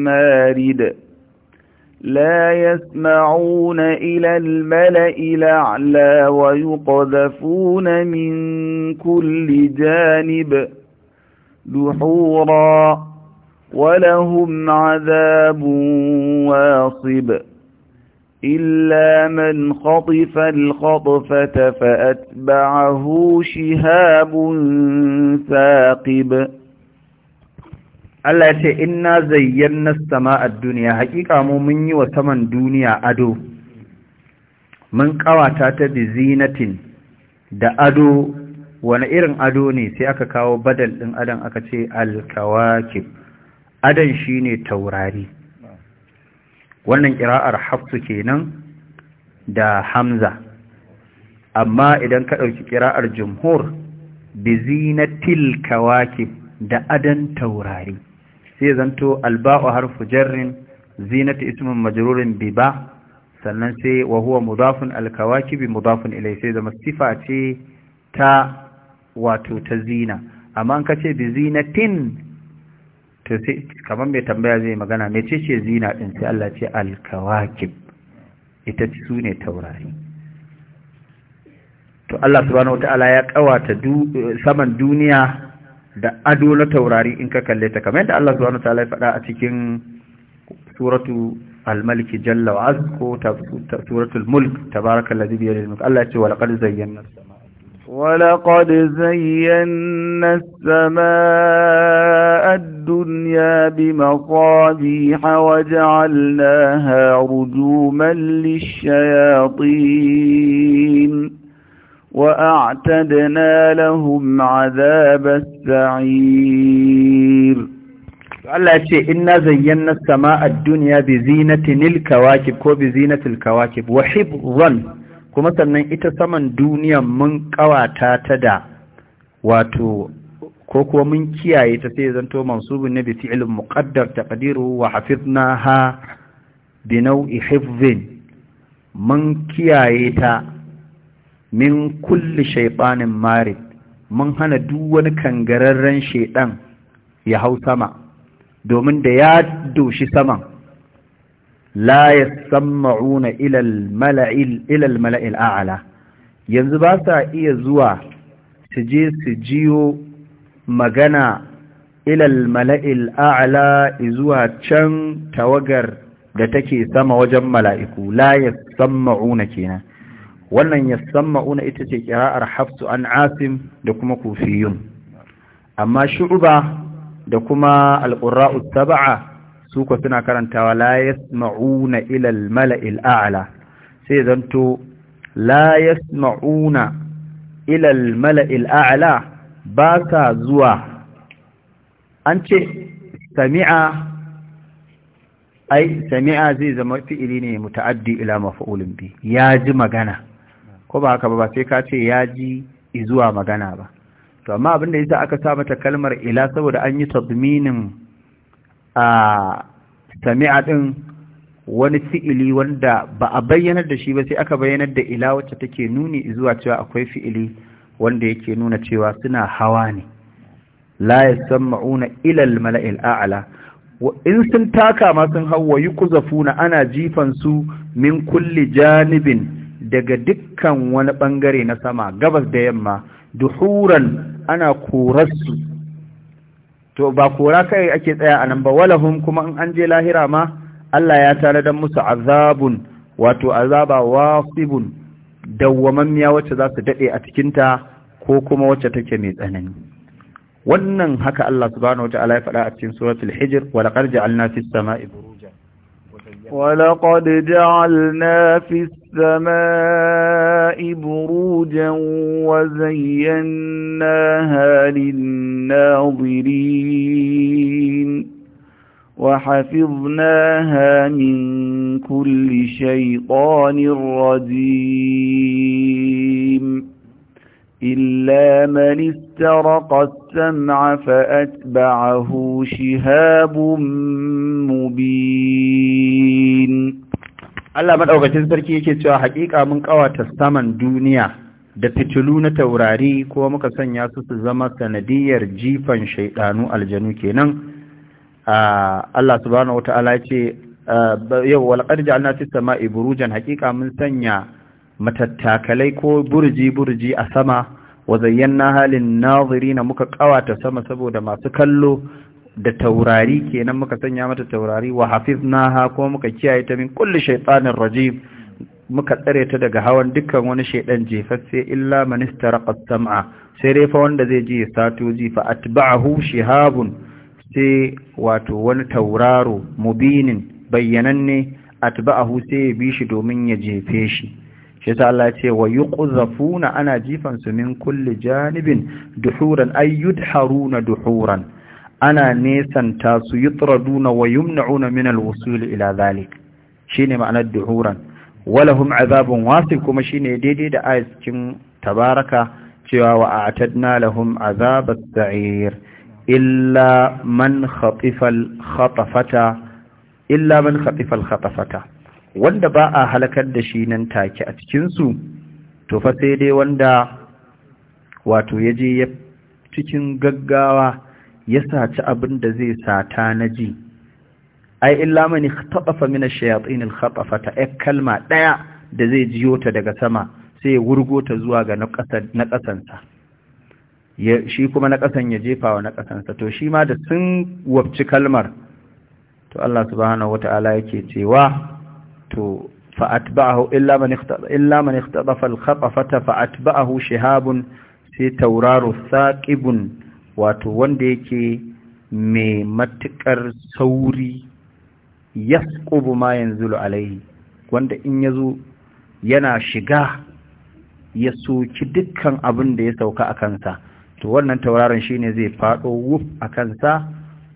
مارد لا يسمعون إلى الملأ الأعلى ويقذفون من كل جانب دحوراً ولهم عذاب واصب إلا من خطف الخطفة فأتبعه شهاب ثاقب Allah ya ce inna zayyana a duniya hakika mu mun yi wa saman duniya ado mun kawata ta bi zinatin da ado wani irin ado ne sai aka kawo badal din adam aka ce alkawakib adan shi ne taurari wannan ƙira'ar hafsu kenan da hamza amma idan ka ɗauki ƙira'ar jumhur bi zinatil kawakib da adan taurari sai zanto alba'u harfu jarrin zinatu ismin majrurin bi ba sannan sai wa huwa mudafun alkawakibi mudafun ilai sai zama sifa ce ta wato ta zina amma an kace bi zinatin to sai kamar mai tambaya zai magana me ce ce zina ɗin sai Allah ce al-kawa al-kawakib ita ce sune taurari to Allah subhanahu wata'ala ya kawata saman duniya da ado na taurari in ka kalle ta kamar yadda Allah subhanahu wata'ala ya faɗa a cikin suratu al-malki الملك mulk وعز biyadihi al-mulk Allah ya ce wa laqad zayyana as-samaa ولقد زينا السماء الدنيا بمصابيح وجعلناها رجوما للشياطين وأعتدنا لهم عذاب السعير الله يشيء إنا زينا السماء الدنيا بزينة الكواكب كو بزينة الكواكب وحفظا kuma sannan ita saman duniyan mun kawata ta da wato ko kuwa mun kiyaye ta sai zanto mansubun na bi fi'il muqaddar taqdiru wa hafiznaha bi naw'i hifzin mun kiyaye ta min kulli shaytanin marid mun hana duk wani kangararren shaiɗan ya hau sama domin da ya doshi saman la yasma'una ila ilal malail ila yanzu ba sa iya zuwa su je su jiyo magana ilal malail a'la zuwa can tawagar da take sama wajen mala'iku la yasma'una kenan wannan yasma'una ita ce kira'ar hafsu an asim da kuma kufiyun amma shu'uba da kuma al-qurra'u sab'a su ko suna karantawa la yasma'una ila al-mala'il a'la sai zanto la yasma'una ila al-mala'il a'la ba ka zuwa an ce sami'a ai sami'a zai zama fi'ili ne muta'addi ila maf'ulin bi ya ji magana ko ba haka ba sai ka ce ya ji zuwa magana ba to amma abin da yasa aka sa mata kalmar ila saboda an yi tadminin a sami'a din wani fi'ili wanda ba a bayyanar da shi ba sai aka bayyanar da ila wacce take nuni zuwa cewa akwai fi'ili wanda yake nuna cewa suna hawa ne la yasma'una ila al-mala'il a'la in sun taka ma sun hawa yukuzafuna ana jifan su min kulli janibin daga dukkan wani bangare na sama gabas da yamma duhuran ana su to ba kora kai ake tsaya a nan ba walahum kuma in an je lahira ma Allah ya tare da musu azabun wato azaba wasibun dawwamammiya wacce za su daɗe a cikinta ko kuma wacce take mai tsanani wannan haka Allah subhanahu wataala ya faɗa a cikin suratul hijr wa laqad ja'alna fis sama'i ولقد جعلنا في السماء بروجا وزيناها للناظرين وحفظناها من كل شيطان رجيم إلا من استرق السمع فأتبعه شهاب مبين Allah maɗaukacin sarki yake cewa haƙiƙa mun ƙawata saman duniya da fitilu na taurari ko muka sanya su su zama sanadiyar jifan shaidanu aljanu kenan ah, Allah subhanahu wata'ala ce ah, yau walqad ja'alna fis sama'i burujan haƙiƙa mun sanya matattakalai ko burji-burji a sama wa zayyana halin naziri na muka kawata sama saboda masu kallo da taurari kenan muka sanya mata taurari wa ha kuma muka kiyaye ta min kulli shaytanir rajim muka tsare ta daga hawan dukkan wani shaydan jefasse illa man istaraqa sam'a sai dai fa wanda zai ji sato ji fa atba'ahu shihabun sai wato wani tauraro mubinin bayyananne atba'ahu sai ya bi shi domin ya jefe shi shi ta Allah ce wa yuqzafuna ana jifan su min kulle janibin duhuran ay haruna duhuran ana nesanta su yutraduna wa yumna'una min alwusul ila zalik shine ma'anar duhuran walahun azabin wasif kuma shine daidai da ayat cikin tabaraka cewa wa a'tadna lahum azabas sa'ir illa man illa man khatafata wanda ba a halakar da shi nan take a cikinsu to fa sai dai wanda wato ya je ya cikin gaggawa ya saci abin da zai sata na ji ai illa mani ikhtafa min ash-shayatin al-khatafa ta kalma daya da zai jiyo ta daga sama sai ya wurgo ta zuwa ga na ya shi kuma na kasan ya jefa wa na kasansa to shi ma da sun wabci kalmar to Allah subhanahu wataala yake cewa to فأتبعه إلا من اختطف إلا من اختطف الخطفة فأتبعه شهاب wato wanda yake mai matuƙar sauri yasqubu ma yanzu alaihi wanda in yazo yana shiga ya soki dukkan abin da ya sauka a kansa to wannan tauraron shine zai faɗo wuf a kansa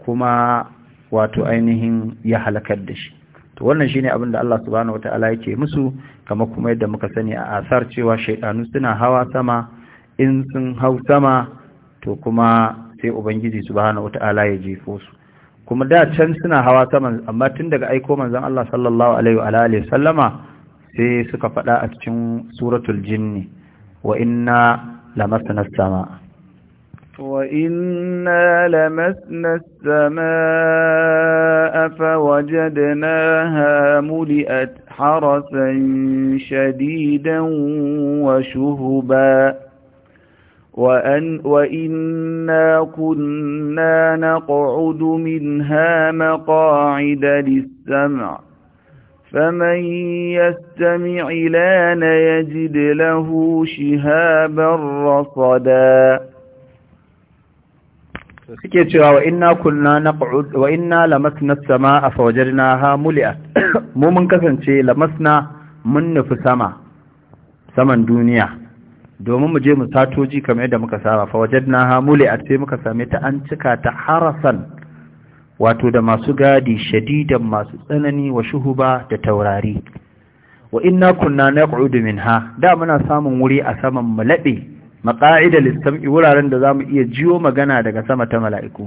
kuma wato ainihin ya halakar da shi to wannan shine abin da Allah subhanahu wataala yake musu kamar kuma yadda muka sani a asar cewa shaydanu suna hawa sama in sun hau sama to kuma sai ubangiji subhanahu wataala ya jefo su kuma da can suna hawa sama amma tun daga aiko manzon Allah sallallahu alaihi wa alihi sallama sai suka faɗa a cikin suratul jinni wa inna lamasna as-samaa وإنا لمسنا السماء فوجدناها ملئت حرسا شديدا وشهبا وأن وإنا كنا نقعد منها مقاعد للسمع فمن يستمع لان يجد له شهابا رصدا suke cewa wa inna kunna naq'ud wa inna lamasna as-samaa fa wajadnaha mulia mu mun kasance lamasna mun nufi sama saman duniya domin mu je mu satoji kamar yadda muka saba fa wajadnaha mulia sai muka same ta an cika ta harasan wato da masu gadi shadidan masu tsanani wa shuhuba da taurari wa inna kunna naq'udu minha da muna samun wuri a saman mu laɓe maqa'ida istam’i wuraren da zamu iya jiwo magana daga sama ta mala'iku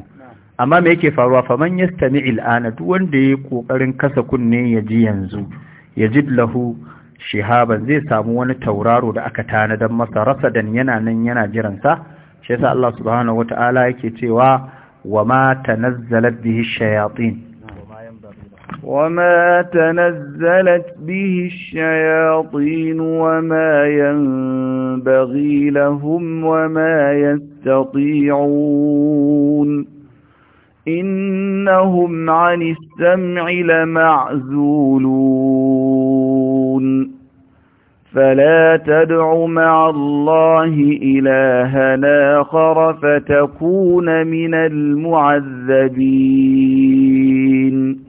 amma mai yake faruwa fa man yastami il'ana duk wanda ya yi kokarin kasa kunne ya ji yanzu ya ji lahu shihaban zai samu wani tauraro da aka tanadan masa rasa dan yana nan yana jiransa? sa shi yasa Allah subhanahu wata'ala yake cewa wa ma tanazzalat bihi shayatin وما تنزلت به الشياطين وما ينبغي لهم وما يستطيعون إنهم عن السمع لمعزولون فلا تدع مع الله إلها آخر فتكون من المعذبين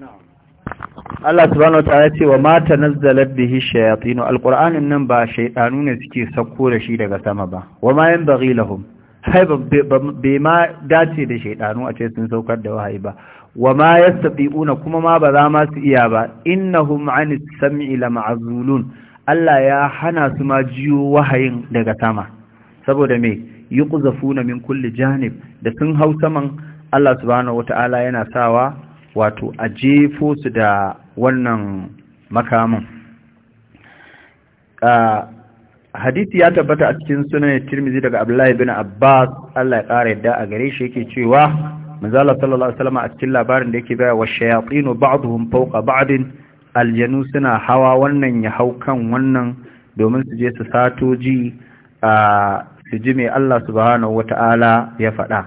Allah subhanahu wataala ce wa ma nazzalat bihi shayatin alqur'anin nan ba shaydanu ne suke sako da shi daga sama ba wa ma yanbaghi lahum hai bai ma dace da shaydanu a ce sun saukar da wahayi ba wa ma yastati'una kuma ma ba za ma su iya ba innahum anis sam'i ma'zulun Allah ya hana su ma jiyo wahayin daga sama saboda me yuqzafuna min kulli janib da sun hau saman Allah subhanahu wataala yana sawa wato a jefo su da wannan makamin hadisi ya tabbata a cikin sunan tirmizi daga abdullahi bin abbas allah ya ƙara yadda a gare shi yake cewa manzala sallallahu alaihi a cikin labarin da yake baya wa ba'adu ba'dhum fawqa ba'din aljanu suna hawa wannan ya hau kan wannan domin su je su sato ji a su ji mai Allah subhanahu wata'ala ya faɗa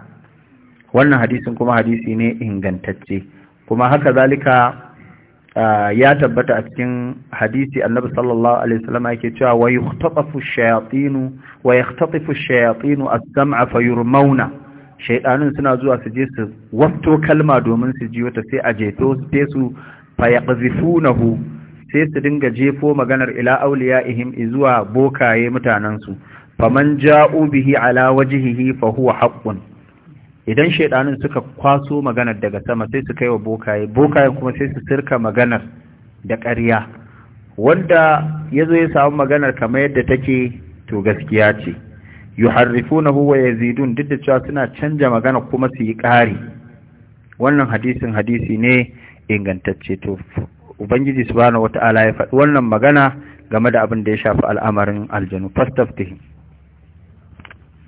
wannan hadisin kuma hadisi ne ingantacce kuma haka zalika ya tabbata a cikin hadisi annabi sallallahu alaihi wasallam yake cewa wa yuhtatafu shayatinu wa yahtatifu shayatinu as-sam'a fayurmauna shaytanun suna zuwa su je su wato kalma domin su ji wata sai a jeto sai su fayaqzifunahu sai su dinga jefo maganar ila awliyaihim zuwa bokaye mutanansu faman ja'u bihi ala wajhihi fa huwa haqqun idan shaidanin suka kwaso maganar daga sama sai su kai wa bokaye bokaye kuma sai su sirka maganar da ƙarya wanda ya zo ya samu maganar kamar yadda take to gaskiya ce na huwa ya zidun duk da cewa suna canja magana kuma su yi ƙari wannan hadisin hadisi ne ingantacce to ubangiji subhanahu wata'ala ya faɗi wannan magana game da abin da ya shafi al'amarin aljanu fastaftihim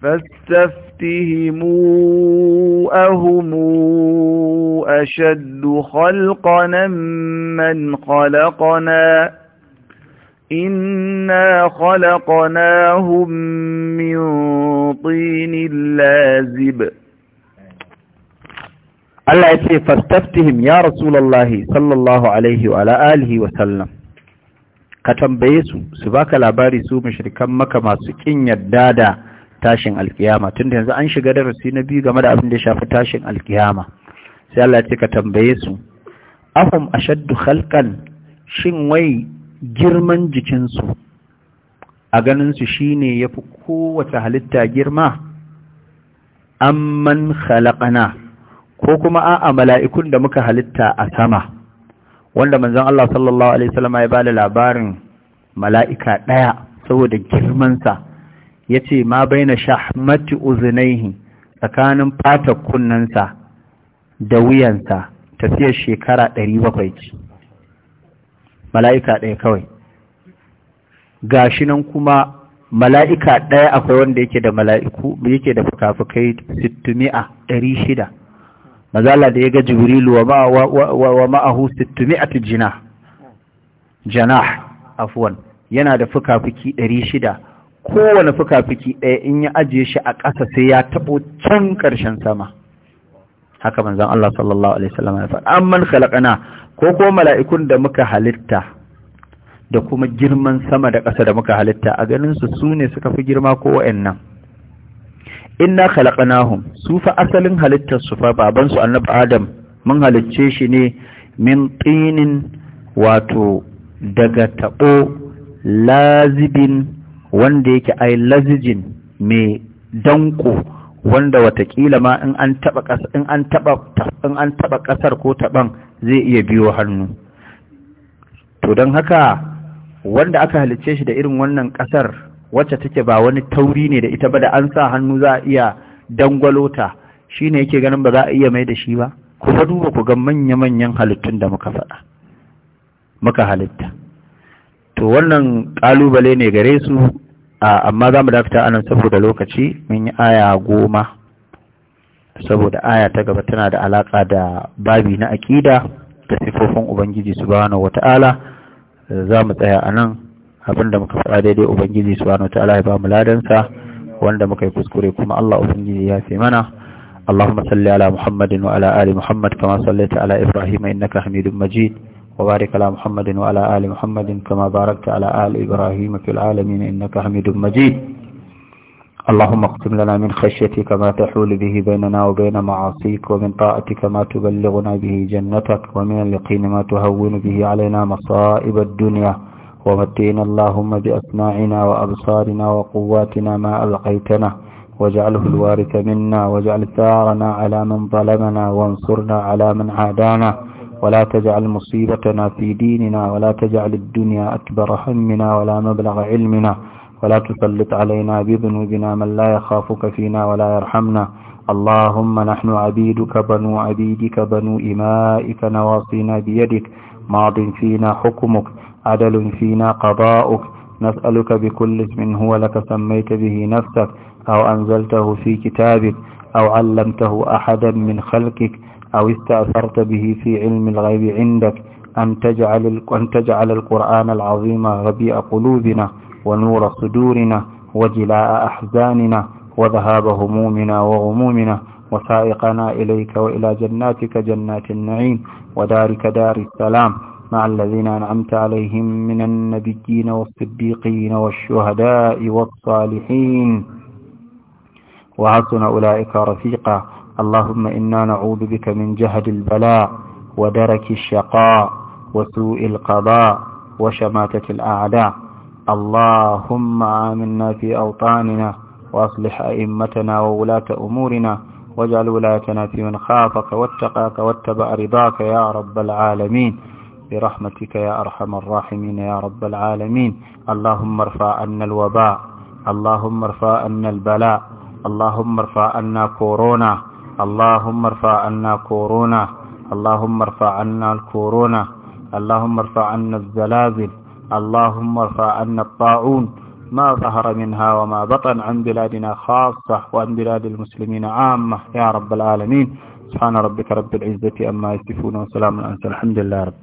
فاستفتهموا أهم أشد خلقنا من خلقنا إنا خلقناهم من طين لازب الله يسير فاستفتهم يا رسول الله صلى الله عليه وعلى آله وسلم قتم بيسو سباك العباري سو مشركا مكما سكين maka tashin alkiyama tunda yanzu an shiga darasi na biyu game da abin da ya shafi tashin alkiyama sai Allah ce ka tambaye su afam ashaddu khalqan shin wai girman jikinsu a ganin su shine yafi kowace halitta girma amman khalaqana ko kuma a'a mala'ikun da muka halitta a sama wanda manzon Allah sallallahu alaihi wasallam ya bada labarin mala'ika daya saboda girman girmansa ya ce ma bai na shahmati uzunaihi tsakanin fatar kunnensa da wuyansa tafiyar shekara ɗari bakwai ce mala'ika ɗaya kawai gashi nan kuma mala'ika ɗaya akwai wanda yake da mala'iku yake da fukafukai sittumi'a ɗari shida mazala da ya ga jibrilu wa ma'ahu sittumi'atu jina janah afuwan yana da fukafuki ɗari shida kowane fuka-fuki ɗaya in ya ajiye shi a ƙasa sai ya taɓo can ƙarshen sama haka manzan Allah sallallahu Alaihi wasallam ya faɗa an man ko ko mala'ikun da muka halitta da kuma girman sama da ƙasa da muka halitta a ganin su su ne suka fi girma ko wa'annan inna hun su fa asalin halittar su fa baban su annabi Adam mun halicce shi ne min tinin wato daga taɓo lazibin wanda yake ai lazijin mai danko wanda watakila ma in an taba in kasar ko taban zai iya biyo hannu to don haka wanda aka halicce shi da irin wannan kasar wacce take ba wani tauri ne da ita ba da an sa hannu za a iya dangwalota shine yake ganin ba za a iya mai da shi ba ku ba duba ku ga manya-manyan halittun da muka faɗa muka halitta to wannan kalubale ne gare su amma za mu dakata anan saboda lokaci mun yi aya goma saboda aya ta gaba tana da alaka da babi na aƙida da sifofin ubangiji subhanahu wata'ala za mu tsaya a nan abinda muka faɗa daidai ubangiji subhanahu wata'ala ya ba mu ladansa wanda muka yi kuskure kuma Allah ubangiji ya fi mana اللهم صل على محمد وعلى آل محمد كما صليت على إبراهيم إنك حميد مجيد وبارك على محمد وعلى آل محمد كما باركت على آل إبراهيم في العالمين إنك حميد مجيد اللهم اقسم لنا من خشيتك ما تحول به بيننا وبين معاصيك ومن طاعتك ما تبلغنا به جنتك ومن اليقين ما تهون به علينا مصائب الدنيا ومتينا اللهم بأسماعنا وأبصارنا وقواتنا ما ألقيتنا واجعله الوارث منا واجعل ثارنا على من ظلمنا وانصرنا على من عادانا ولا تجعل مصيبتنا في ديننا ولا تجعل الدنيا أكبر همنا ولا مبلغ علمنا ولا تسلط علينا بذنوبنا من لا يخافك فينا ولا يرحمنا اللهم نحن عبيدك بنو عبيدك بنو إمائك نواصينا بيدك ماض فينا حكمك عدل فينا قضاؤك نسألك بكل اسم هو لك سميت به نفسك أو أنزلته في كتابك أو علمته أحدا من خلقك أو استأثرت به في علم الغيب عندك أن تجعل, أن تجعل القرآن العظيم ربيع قلوبنا ونور صدورنا وجلاء أحزاننا وذهاب همومنا وغمومنا وسائقنا إليك وإلى جناتك جنات النعيم ودارك دار السلام مع الذين أنعمت عليهم من النبيين والصديقين والشهداء والصالحين وحسن أولئك رفيقا اللهم إنا نعوذ بك من جهد البلاء ودرك الشقاء وسوء القضاء وشماتة الأعداء اللهم آمنا في أوطاننا وأصلح أئمتنا وولاة أمورنا واجعل ولايتنا في من خافك واتقاك واتبع رضاك يا رب العالمين برحمتك يا أرحم الراحمين يا رب العالمين اللهم ارفع عنا الوباء اللهم ارفع عنا البلاء اللهم ارفع عنا كورونا اللهم ارفع عنا كورونا اللهم ارفع عنا الكورونا اللهم ارفع عنا الزلازل اللهم ارفع عنا الطاعون ما ظهر منها وما بطن عن بلادنا خاصة وعن بلاد المسلمين عامة يا رب العالمين سبحان ربك رب العزة أما يصفون وسلام على الحمد لله رب